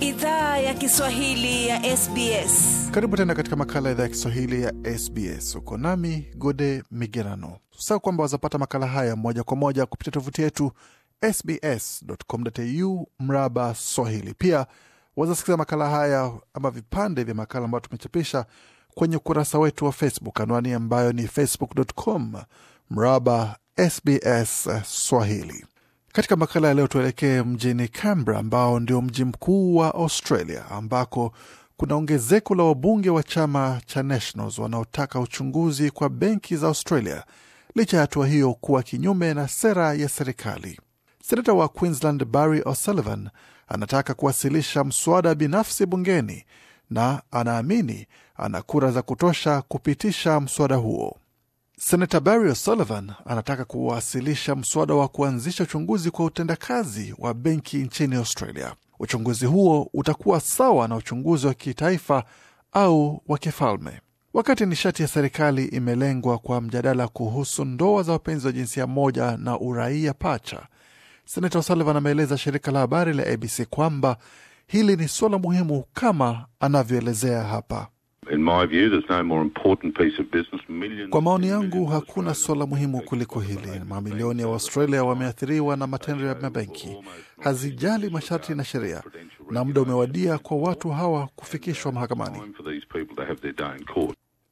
idhaa ya Kiswahili ya SBS. Karibu tena katika makala ya idhaa ya Kiswahili ya SBS. Uko nami Gode Migerano. Usisahau kwamba wazapata makala haya moja kwa moja kupitia tovuti yetu sbs.com.au mraba swahili. Pia wazasikiza makala haya ama vipande vya makala ambayo tumechapisha kwenye ukurasa wetu wa Facebook, anwani ambayo ni facebook.com mraba SBS Swahili. Katika makala ya leo, tuelekee mjini Canberra ambao ndio mji mkuu wa Australia ambako kuna ongezeko la wabunge wa chama cha Nationals wanaotaka uchunguzi kwa benki za Australia licha ya hatua hiyo kuwa kinyume na sera ya serikali. Senata wa Queensland Barry O'Sullivan anataka kuwasilisha mswada binafsi bungeni na anaamini ana kura za kutosha kupitisha mswada huo. Senata Barry O'Sullivan anataka kuwasilisha mswada wa kuanzisha uchunguzi kwa utendakazi wa benki nchini Australia. Uchunguzi huo utakuwa sawa na uchunguzi wa kitaifa au wa kifalme. Wakati nishati ya serikali imelengwa kwa mjadala kuhusu ndoa za wapenzi wa jinsia moja na uraia pacha, Senata O'Sullivan ameeleza shirika la habari la ABC kwamba hili ni suala muhimu, kama anavyoelezea hapa. Kwa maoni yangu hakuna suala muhimu kuliko hili. Mamilioni ya Waustralia wameathiriwa na matendo ya mabenki, hazijali masharti na sheria, na muda umewadia kwa watu hawa kufikishwa mahakamani.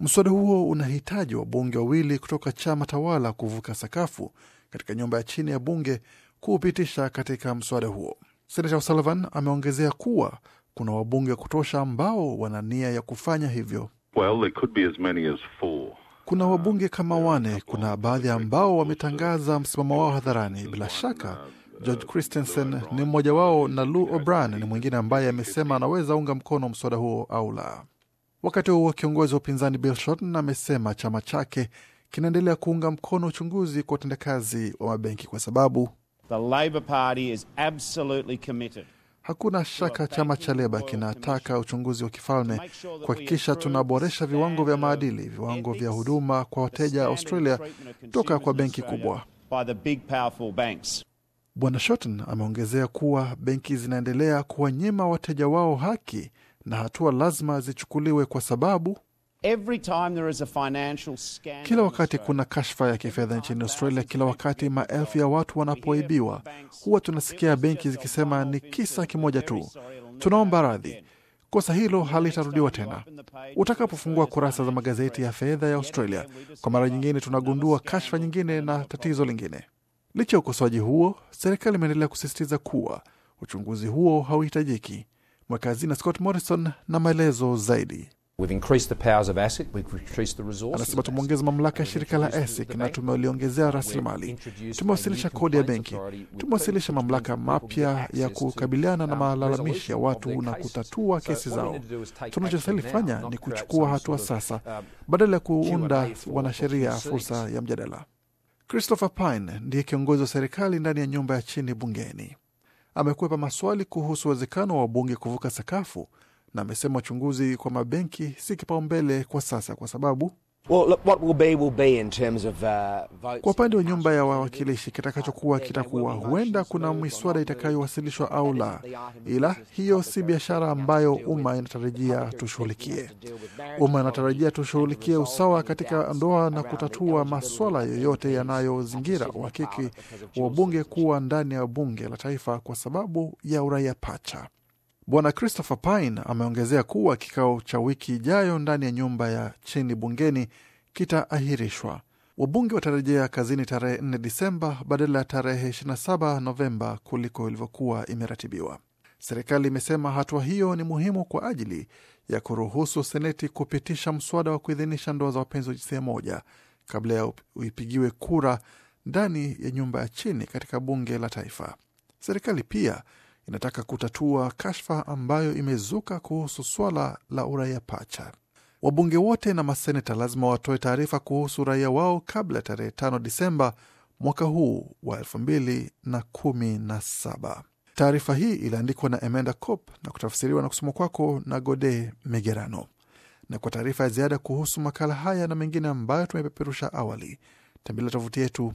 Mswada huo unahitaji wabunge wawili kutoka chama tawala kuvuka sakafu katika nyumba ya chini ya bunge kuupitisha katika mswada huo. Senata O'Sullivan ameongezea kuwa kuna wabunge wa kutosha ambao wana nia ya kufanya hivyo. Well, could be as many as four. Kuna wabunge kama wane. Kuna baadhi ambao wametangaza msimamo wao hadharani. Bila shaka uh, George Christensen ni mmoja wao na lu Obran ni mwingine ambaye amesema anaweza unga mkono mswada huo au la. Wakati huo kiongozi wa upinzani Bill Shorten amesema chama chake kinaendelea kuunga mkono uchunguzi kwa utendakazi wa mabenki kwa sababu The Party is absolutely committed Hakuna shaka chama cha Leba kinataka uchunguzi wa kifalme kuhakikisha tunaboresha viwango vya maadili, viwango vya huduma kwa wateja Australia kutoka kwa benki kubwa. Bwana Shorten ameongezea kuwa benki zinaendelea kuwanyima wateja wao haki na hatua lazima zichukuliwe kwa sababu kila wakati kuna kashfa ya kifedha nchini Australia. Kila wakati maelfu ya watu wanapoibiwa, huwa tunasikia benki zikisema ni kisa kimoja tu, tunaomba radhi, kosa hilo halitarudiwa tena. Utakapofungua kurasa za magazeti ya fedha ya Australia kwa mara nyingine, tunagundua kashfa nyingine na tatizo lingine. Licha ya ukosoaji huo, serikali imeendelea kusisitiza kuwa uchunguzi huo hauhitajiki. mwekazina Scott Morrison na maelezo zaidi. Anasema tumeongeza mamlaka ya shirika la ASIC na tumeliongezea rasilimali, tumewasilisha kodi ya benki, tumewasilisha mamlaka mapya ya kukabiliana na malalamishi ya watu na kutatua kesi zao. Tunachostahili fanya ni kuchukua hatua sasa, uh, badala ya kuunda wanasheria fursa ya mjadala. Christopher Pine ndiye kiongozi wa serikali ndani ya nyumba ya chini bungeni. Amekwepa maswali kuhusu uwezekano wa bunge kuvuka sakafu na amesema uchunguzi kwa mabenki si kipaumbele kwa sasa kwa sababu uh, Kwa upande wa nyumba ya wawakilishi kitakachokuwa kitakuwa, huenda kuna miswada itakayowasilishwa au la, ila hiyo si biashara ambayo umma inatarajia tushughulikie. Umma inatarajia tushughulikie usawa katika ndoa na kutatua maswala yoyote yanayozingira uhakiki wa bunge kuwa ndani ya bunge la taifa kwa sababu ya uraia pacha. Bwana Christopher Pine ameongezea kuwa kikao cha wiki ijayo ndani ya nyumba ya chini bungeni kitaahirishwa. Wabunge watarejea kazini tarehe 4 Disemba badala ya tarehe 27 Novemba kuliko ilivyokuwa imeratibiwa. Serikali imesema hatua hiyo ni muhimu kwa ajili ya kuruhusu Seneti kupitisha mswada wa kuidhinisha ndoa za wapenzi wa jinsia moja kabla ya uipigiwe kura ndani ya nyumba ya chini katika bunge la taifa. Serikali pia inataka kutatua kashfa ambayo imezuka kuhusu swala la uraia pacha. Wabunge wote na maseneta lazima watoe taarifa kuhusu uraia wao kabla ya tarehe 5 Disemba mwaka huu wa elfu mbili na kumi na saba. Taarifa hii iliandikwa na Emenda Cop na kutafsiriwa na kusoma kwako na Gode Migerano. Na kwa taarifa ya ziada kuhusu makala haya na mengine ambayo tumepeperusha awali, tembelea tovuti yetu